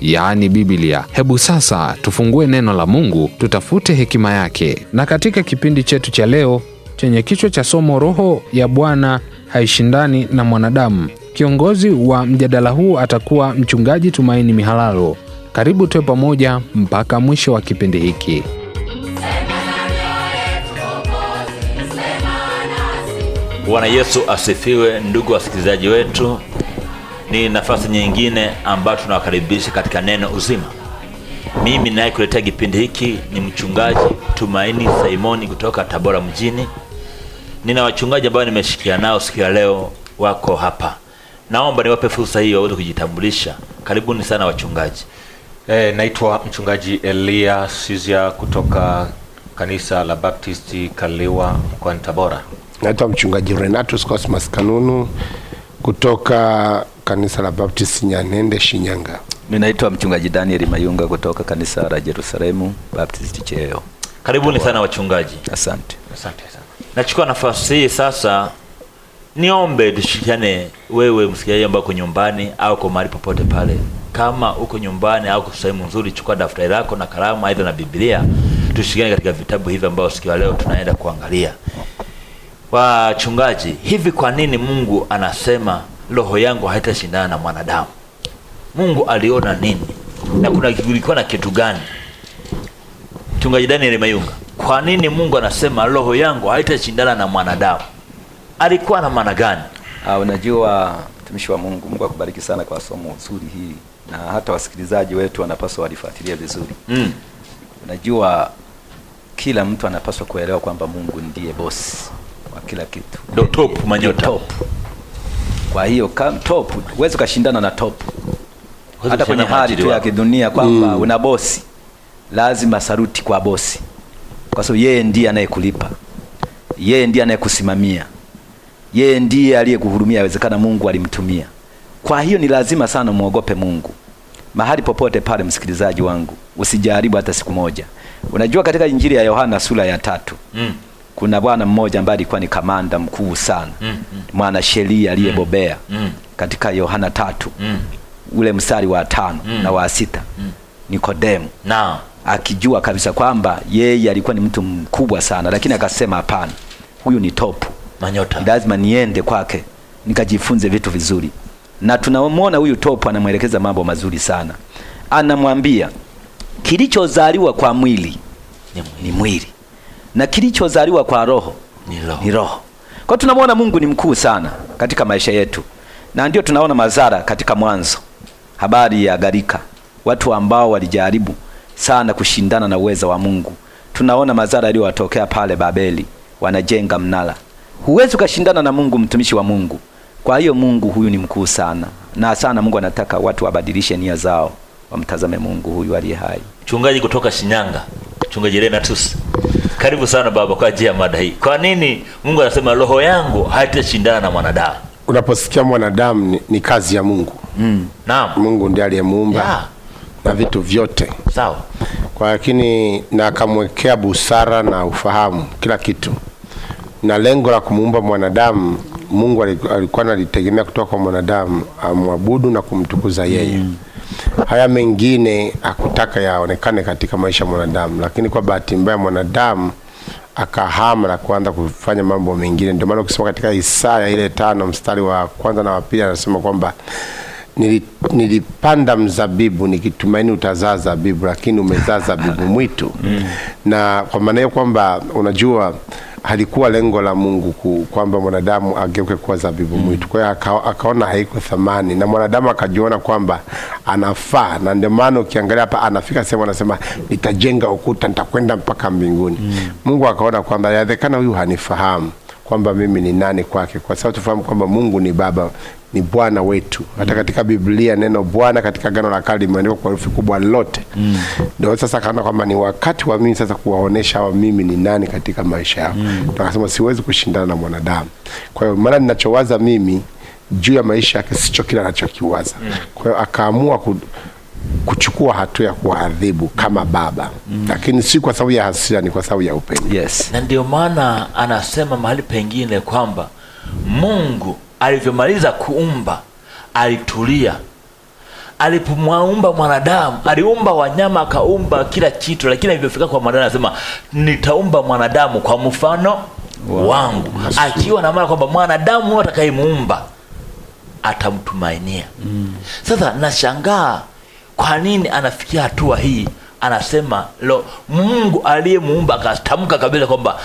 yaani Biblia. Hebu sasa tufungue neno la Mungu, tutafute hekima yake. Na katika kipindi chetu cha leo chenye kichwa cha somo Roho ya Bwana haishindani na mwanadamu, kiongozi wa mjadala huu atakuwa Mchungaji Tumaini Mihalalo. Karibu tuwe pamoja mpaka mwisho wa kipindi hiki. Bwana Yesu asifiwe, ndugu wasikilizaji wetu ni nafasi nyingine ambayo tunawakaribisha katika neno uzima. Mimi naye kuletea kipindi hiki ni mchungaji Tumaini simoni kutoka Tabora mjini. Nina wachungaji ambao nimeshikia nao siku ya leo, wako hapa. Naomba niwape fursa hii waweze kujitambulisha. Karibuni sana wachungaji. E, naitwa mchungaji Elia Sizia kutoka kanisa la Baptisti Kaliwa mkoani Tabora. Naitwa mchungaji Renatus Cosmas Kanunu kutoka kanisa la Baptist Nyanende Shinyanga. Ninaitwa mchungaji Daniel Mayunga kutoka kanisa la Jerusalemu Baptist Cheo. Karibuni sana wachungaji. Asante. Asante sana. Nachukua nafasi hii sasa niombe tushikane wewe msikiaji ambaye uko nyumbani au uko mahali popote pale. Kama uko nyumbani au uko sehemu nzuri, chukua daftari lako na kalamu, aidha na Biblia, Tushikane katika vitabu hivi ambavyo siku leo tunaenda kuangalia. Wachungaji, hivi kwa nini Mungu anasema roho yangu haitashindana na mwanadamu. Mungu aliona nini na kuna kulikuwa na kitu gani? Mchungaji Daniel Mayunga, kwa nini Mungu anasema roho yangu haitashindana na mwanadamu? Alikuwa na maana gani? Ah, unajua mtumishi wa Mungu, Mungu akubariki sana kwa somo zuri hili, na hata wasikilizaji wetu wanapaswa walifuatilia vizuri mm. Unajua kila mtu anapaswa kuelewa kwamba Mungu ndiye bosi wa kila kitu, ndio top manyota top kwa hiyo top huwezi ukashindana na top, hata kwenye hali tu ya kidunia kwamba mm. una bosi, lazima saruti kwa bosi, kwa sababu yeye ndiye anayekulipa, yeye ndiye anayekusimamia, yeye ndiye aliyekuhurumia. Yawezekana Mungu alimtumia. Kwa hiyo ni lazima sana muogope Mungu mahali popote pale. Msikilizaji wangu, usijaribu hata siku moja. Unajua, katika Injili ya Yohana sura ya tatu mm kuna bwana mmoja ambaye alikuwa ni kamanda mkuu sana mm, mm. mwana sheria aliyebobea mm, mm. katika Yohana tatu mm. ule mstari wa tano mm. na wa sita mm. Nikodemu no. akijua kabisa kwamba yeye alikuwa ni mtu mkubwa sana, lakini akasema hapana, huyu ni topu manyota, lazima niende kwake nikajifunze vitu vizuri. Na tunamwona huyu topu anamwelekeza mambo mazuri sana, anamwambia kilichozaliwa kwa mwili ni mwili, ni mwili na kilichozaliwa kwa roho ni roho, ni roho. Kwa tunamwona Mungu ni mkuu sana katika maisha yetu, na ndio tunaona madhara katika Mwanzo, habari ya gharika, watu ambao walijaribu sana kushindana na uweza wa Mungu. Tunaona madhara yaliyowatokea pale Babeli, wanajenga mnara. Huwezi ukashindana na Mungu, mtumishi wa Mungu. Kwa hiyo Mungu huyu ni mkuu sana na sana. Mungu anataka watu wabadilishe nia zao, wamtazame Mungu huyu aliye hai. Mchungaji kutoka Shinyanga Mchungaji Elena Tusi, karibu sana baba kwa ajili ya mada hii. Kwa nini Mungu anasema roho yangu haitashindana na mwanadamu? Unaposikia mwanadamu ni, ni kazi ya Mungu mm. Naam. Mungu ndiye aliyemuumba yeah. na vitu vyote sawa, kwa lakini na akamwekea busara na ufahamu kila kitu, na lengo la kumuumba mwanadamu Mungu alikuwa analitegemea kutoka kwa mwanadamu amwabudu na kumtukuza yeye mm haya mengine akutaka yaonekane katika maisha ya mwanadamu, lakini kwa bahati mbaya mwanadamu akahama na kuanza kufanya mambo mengine. Ndio maana ukisoma katika Isaya ile tano mstari wa kwanza na wa pili anasema kwamba nilipanda mzabibu nikitumaini utazaa zabibu, lakini umezaa zabibu mwitu. Mm. Na kwa maana hiyo kwamba unajua halikuwa lengo la Mungu kwamba mwanadamu ageuke kuwa zabibu mm. mwitu. Kwa hiyo aka, akaona haiko thamani na mwanadamu akajiona kwamba anafaa, na ndio maana ukiangalia hapa anafika sehemu anasema nitajenga ukuta, nitakwenda mpaka mbinguni mm. Mungu akaona kwamba yawezekana huyu hanifahamu kwamba mimi ni nani kwake, kwa sababu tufahamu kwamba Mungu ni baba ni Bwana wetu. Hata katika Biblia neno Bwana katika Agano la Kale limeandikwa kwa herufi kubwa lote. Mm. Ndio mm. Sasa kaona kwamba ni wakati wa mimi sasa kuwaonesha hawa mimi ni nani katika maisha yao. Mm. Akasema siwezi kushindana na mwanadamu, kwa hiyo maana ninachowaza mimi juu ya maisha yake sicho kila anachokiwaza. Mm. Kwa hiyo akaamua ku, kuchukua hatua ya kuadhibu kama baba mm. Lakini si kwa sababu ya hasira, ni kwa sababu ya upendo yes. Na ndio maana anasema mahali pengine kwamba Mungu alivyomaliza kuumba alitulia. Alipomwaumba mwanadamu, aliumba wanyama, akaumba kila kitu, lakini alivyofika kwa mwanadamu anasema nitaumba mwanadamu kwa mfano wow, wangu, akiwa na maana kwamba mwanadamu atakayemuumba atamtumainia. Mm. Sasa nashangaa kwa nini anafikia hatua hii anasema lo, Mungu aliyemuumba akatamka kabisa kwamba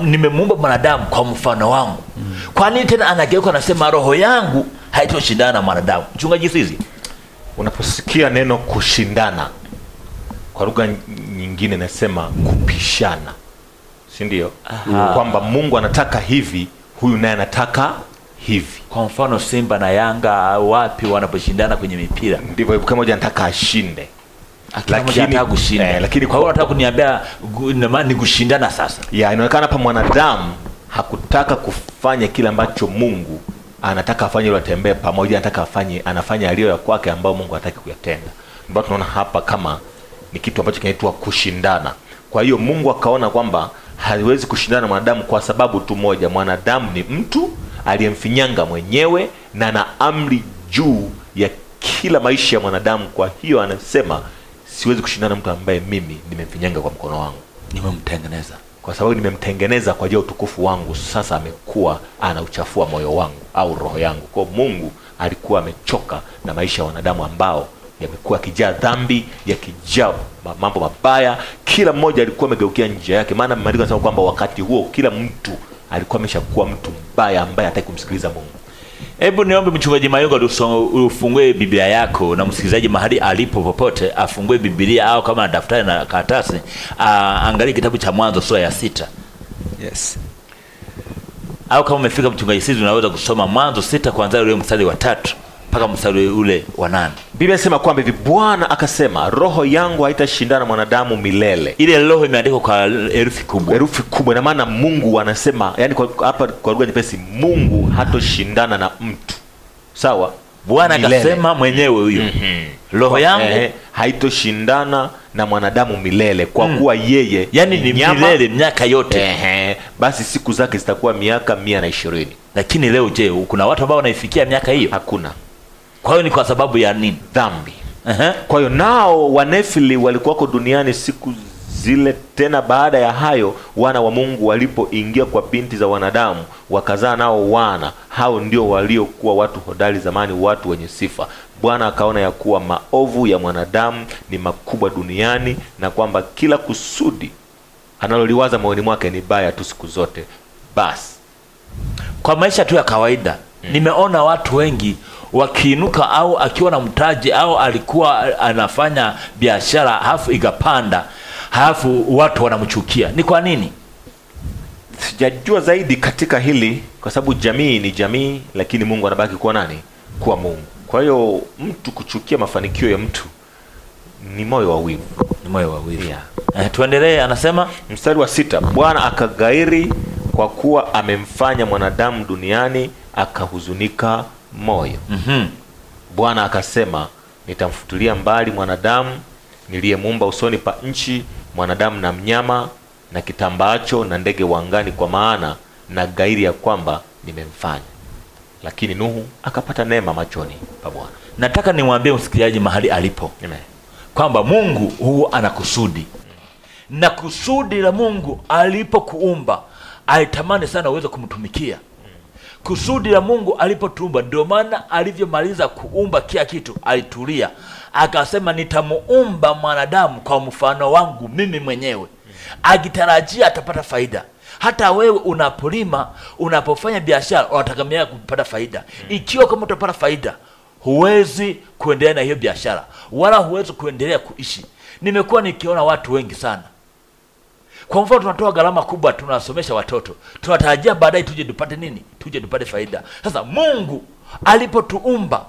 nimemuumba mwanadamu kwa mfano wangu. mm. Kwa nini tena anageuka anasema roho yangu haitoshindana na mwanadamu? Mchungaji Sisi, unaposikia neno kushindana, kwa lugha nyingine nasema kupishana, si ndio? Kwamba Mungu anataka hivi, huyu naye anataka hivi. Kwa mfano Simba na Yanga wapi wanaposhindana kwenye mipira, ndivyo kama mmoja anataka ashinde lakini, eh, kwa hiyo unataka kuniambia ni kushindana sasa? Yeah, inaonekana hapa mwanadamu hakutaka kufanya kile ambacho Mungu anataka afanye ili atembee pamoja, anataka afanye, anafanya aliyo ya kwake ambayo Mungu hataki kuyatenda. Ndio tunaona hapa kama ni kitu ambacho kinaitwa kushindana. Kwa hiyo Mungu akaona kwamba haliwezi kushindana na mwanadamu kwa sababu tu moja, mwanadamu ni mtu aliyemfinyanga mwenyewe na na amri juu ya kila maisha ya mwanadamu. Kwa hiyo anasema siwezi kushindana mtu ambaye mimi nimemfinyanga kwa mkono wangu, nimemtengeneza kwa sababu nimemtengeneza kwa ajili ya utukufu wangu. Sasa amekuwa anauchafua moyo wangu au roho yangu. Kwa Mungu alikuwa amechoka na maisha ya wanadamu ambao yamekuwa yakijaa dhambi, yakijaa mambo mabaya. Kila mmoja alikuwa amegeukia njia yake, maana maandiko yanasema kwamba wakati huo kila mtu alikuwa ameshakuwa mtu mbaya ambaye hataki kumsikiliza Mungu. Hebu niombe mchungaji Mayunga ufungue Biblia yako na msikilizaji mahali alipo popote afungue Biblia au kama daftari na karatasi aangalie kitabu cha Mwanzo sura ya sita. Yes. Au kama umefika mchungaji, sisi unaweza kusoma Mwanzo sita kuanzia ule mstari wa tatu mpaka mstari ule wa nane Biblia inasema kwamba hivi, Bwana akasema, roho yangu haitashindana mwanadamu milele. Ile roho imeandikwa kwa herufi kubwa, herufi kubwa. Ina maana Mungu anasema, yani hapa kwa lugha nyepesi, Mungu hatoshindana na mtu, sawa. Bwana akasema mwenyewe huyo, mm -hmm. roho yangu eh, haitoshindana na mwanadamu milele kwa mm. kuwa yeye yani ni nyama, milele miaka yote eh, basi siku zake zitakuwa miaka mia na ishirini. Lakini leo je, kuna watu ambao wanaifikia miaka hiyo? Hakuna. Kwa hiyo ni kwa sababu ya nini? Dhambi. Uh-huh. Kwa hiyo nao wanefili walikuwako duniani siku zile tena. Baada ya hayo wana wa Mungu walipoingia kwa binti za wanadamu wakazaa nao wana. Hao ndio waliokuwa watu hodari zamani, watu wenye sifa. Bwana akaona ya kuwa maovu ya mwanadamu ni makubwa duniani na kwamba kila kusudi analoliwaza moyoni mwake ni baya tu siku zote. Basi kwa maisha tu ya kawaida mm, nimeona watu wengi wakiinuka au akiwa na mtaji au alikuwa anafanya biashara hafu ikapanda halafu watu wanamchukia, ni kwa nini? Sijajua zaidi katika hili, kwa sababu jamii ni jamii, lakini Mungu anabaki kuwa nani? Kuwa Mungu. Kwa hiyo mtu kuchukia mafanikio ya mtu ni moyo wa wivu, ni moyo wa wivu yeah. Eh, tuendelee. Anasema mstari wa sita, Bwana akagairi kwa kuwa amemfanya mwanadamu duniani, akahuzunika moyo. mm -hmm. Bwana akasema nitamfutulia mbali mwanadamu niliyemuumba usoni pa nchi, mwanadamu na mnyama na kitambaacho na ndege wangani kwa maana na gairi ya kwamba nimemfanya. Lakini Nuhu akapata neema machoni pa Bwana. Nataka nimwambie msikilizaji mahali alipo Amen. kwamba Mungu huwa ana kusudi na kusudi la Mungu alipokuumba alitamani sana uweze kumtumikia Kusudi la Mungu alipotuumba, ndio maana alivyomaliza kuumba kila kitu alitulia, akasema nitamuumba mwanadamu kwa mfano wangu mimi mwenyewe, akitarajia atapata faida. Hata wewe unapolima, unapofanya biashara, unategemea kupata faida. Hmm. Ikiwa kama utapata faida, huwezi kuendelea na hiyo biashara, wala huwezi kuendelea kuishi. Nimekuwa nikiona watu wengi sana kwa mfano tunatoa gharama kubwa, tunasomesha watoto, tunatarajia baadaye tuje tupate nini? Tuje tupate faida. Sasa Mungu alipotuumba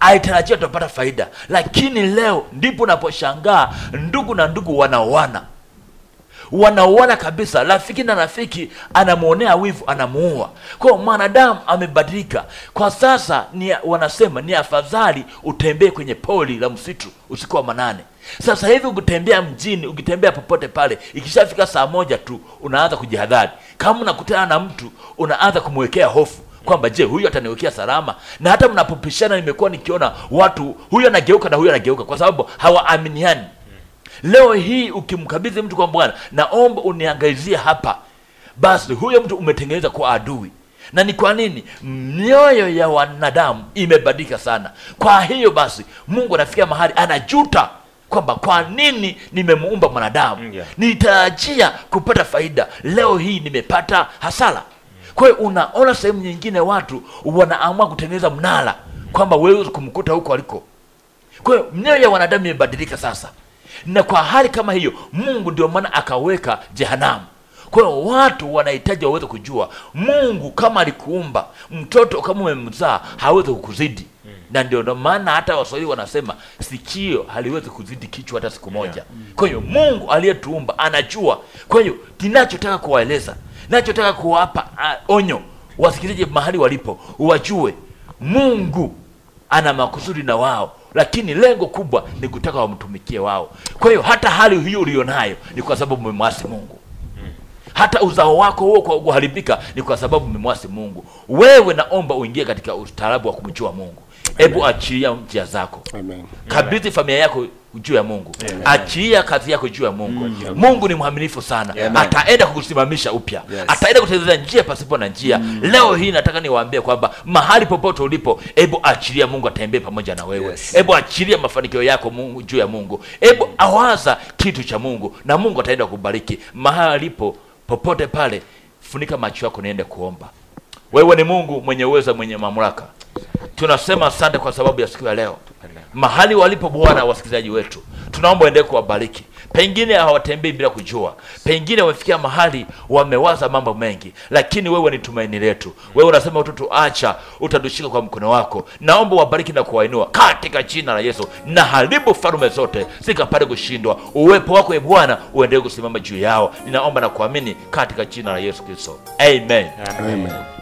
alitarajia tutapata faida, lakini leo ndipo unaposhangaa ndugu na ndugu wanaoana, wanaoana kabisa, rafiki na rafiki anamwonea wivu, anamuua. kwao mwanadamu amebadilika kwa sasa, ni wanasema ni afadhali utembee kwenye poli la msitu usiku wa manane sasa hivi ukitembea mjini, ukitembea popote pale, ikishafika saa moja tu unaanza kujihadhari. Kama unakutana na mtu unaanza kumwekea hofu kwamba je, huyu ataniwekea salama? Na hata mnapopishana, nimekuwa nikiona watu, huyu anageuka na huyu anageuka, kwa sababu hawaaminiani. Leo hii ukimkabidhi mtu kwa Bwana, naomba uniangalizie hapa, basi huyo mtu umetengeneza kwa adui. Na ni kwa nini? Mioyo ya wanadamu imebadilika sana. Kwa hiyo basi, Mungu anafikia mahali anajuta kwamba kwa nini nimemuumba mwanadamu mm, yeah. nitarajia kupata faida, leo hii nimepata hasara. Kwa hiyo unaona, sehemu nyingine watu wanaamua kutengeneza mnara kwamba wewe kumkuta huko aliko. Kwa hiyo mioyo ya wanadamu imebadilika sasa, na kwa hali kama hiyo, Mungu ndio maana akaweka jehanamu. Kwa hiyo watu wanahitaji waweze kujua Mungu, kama alikuumba mtoto, kama umemzaa hawezi kukuzidi na ndio maana hata Waswahili wanasema sikio haliwezi kuzidi kichwa hata siku moja yeah. mm. Kwa hiyo Mungu aliyetuumba anajua. Kwa hiyo ninachotaka kuwaeleza, nachotaka kuwapa uh, onyo wasikilizaji mahali walipo, wajue Mungu ana makusudi na wao, lakini lengo kubwa ni kutaka wamtumikie wao. Kwa hiyo hata hali hiyo ulionayo ni kwa sababu umemwasi Mungu mm. hata uzao wako huo kwa kuharibika ni kwa sababu umemwasi Mungu. Wewe naomba uingie katika ustaarabu wa kumjua Mungu hebu achilia njia zako Amen. Kabidhi familia yako juu ya Mungu, achilia kazi yako juu ya Mungu. Mm, Amen. Mungu ni mhaminifu sana Amen. Ataenda kukusimamisha upya yes. Ataenda kutengeneza njia pasipo na njia mm. Leo hii nataka niwaambie kwamba mahali popote ulipo, hebu achilia Mungu atembee pamoja na wewe hebu yes. Achilia mafanikio yako Mungu, juu ya Mungu, hebu awaza kitu cha Mungu na Mungu ataenda kubariki mahali po, popote pale. Funika macho yako niende kuomba. Wewe ni Mungu mwenye uwezo, mwenye mamlaka tunasema asante kwa sababu ya siku ya leo, mahali walipo Bwana wasikilizaji wetu, tunaomba endelee kuwabariki. Pengine hawatembei bila kujua, pengine wamefikia mahali wamewaza mambo mengi, lakini wewe ni tumaini letu. Wewe unasema watoto, utadushika kwa mkono wako. Naomba wabariki na kuwainua katika jina la Yesu, na haribu farume zote zikapate kushindwa. Uwepo wako e Bwana uendelee kusimama juu yao. Ninaomba na kuamini katika jina la Yesu Kristo, amen, amen. amen.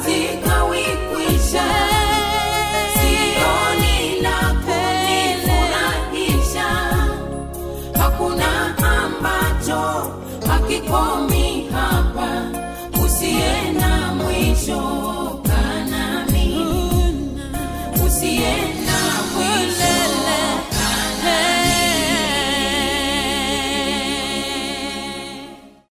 see.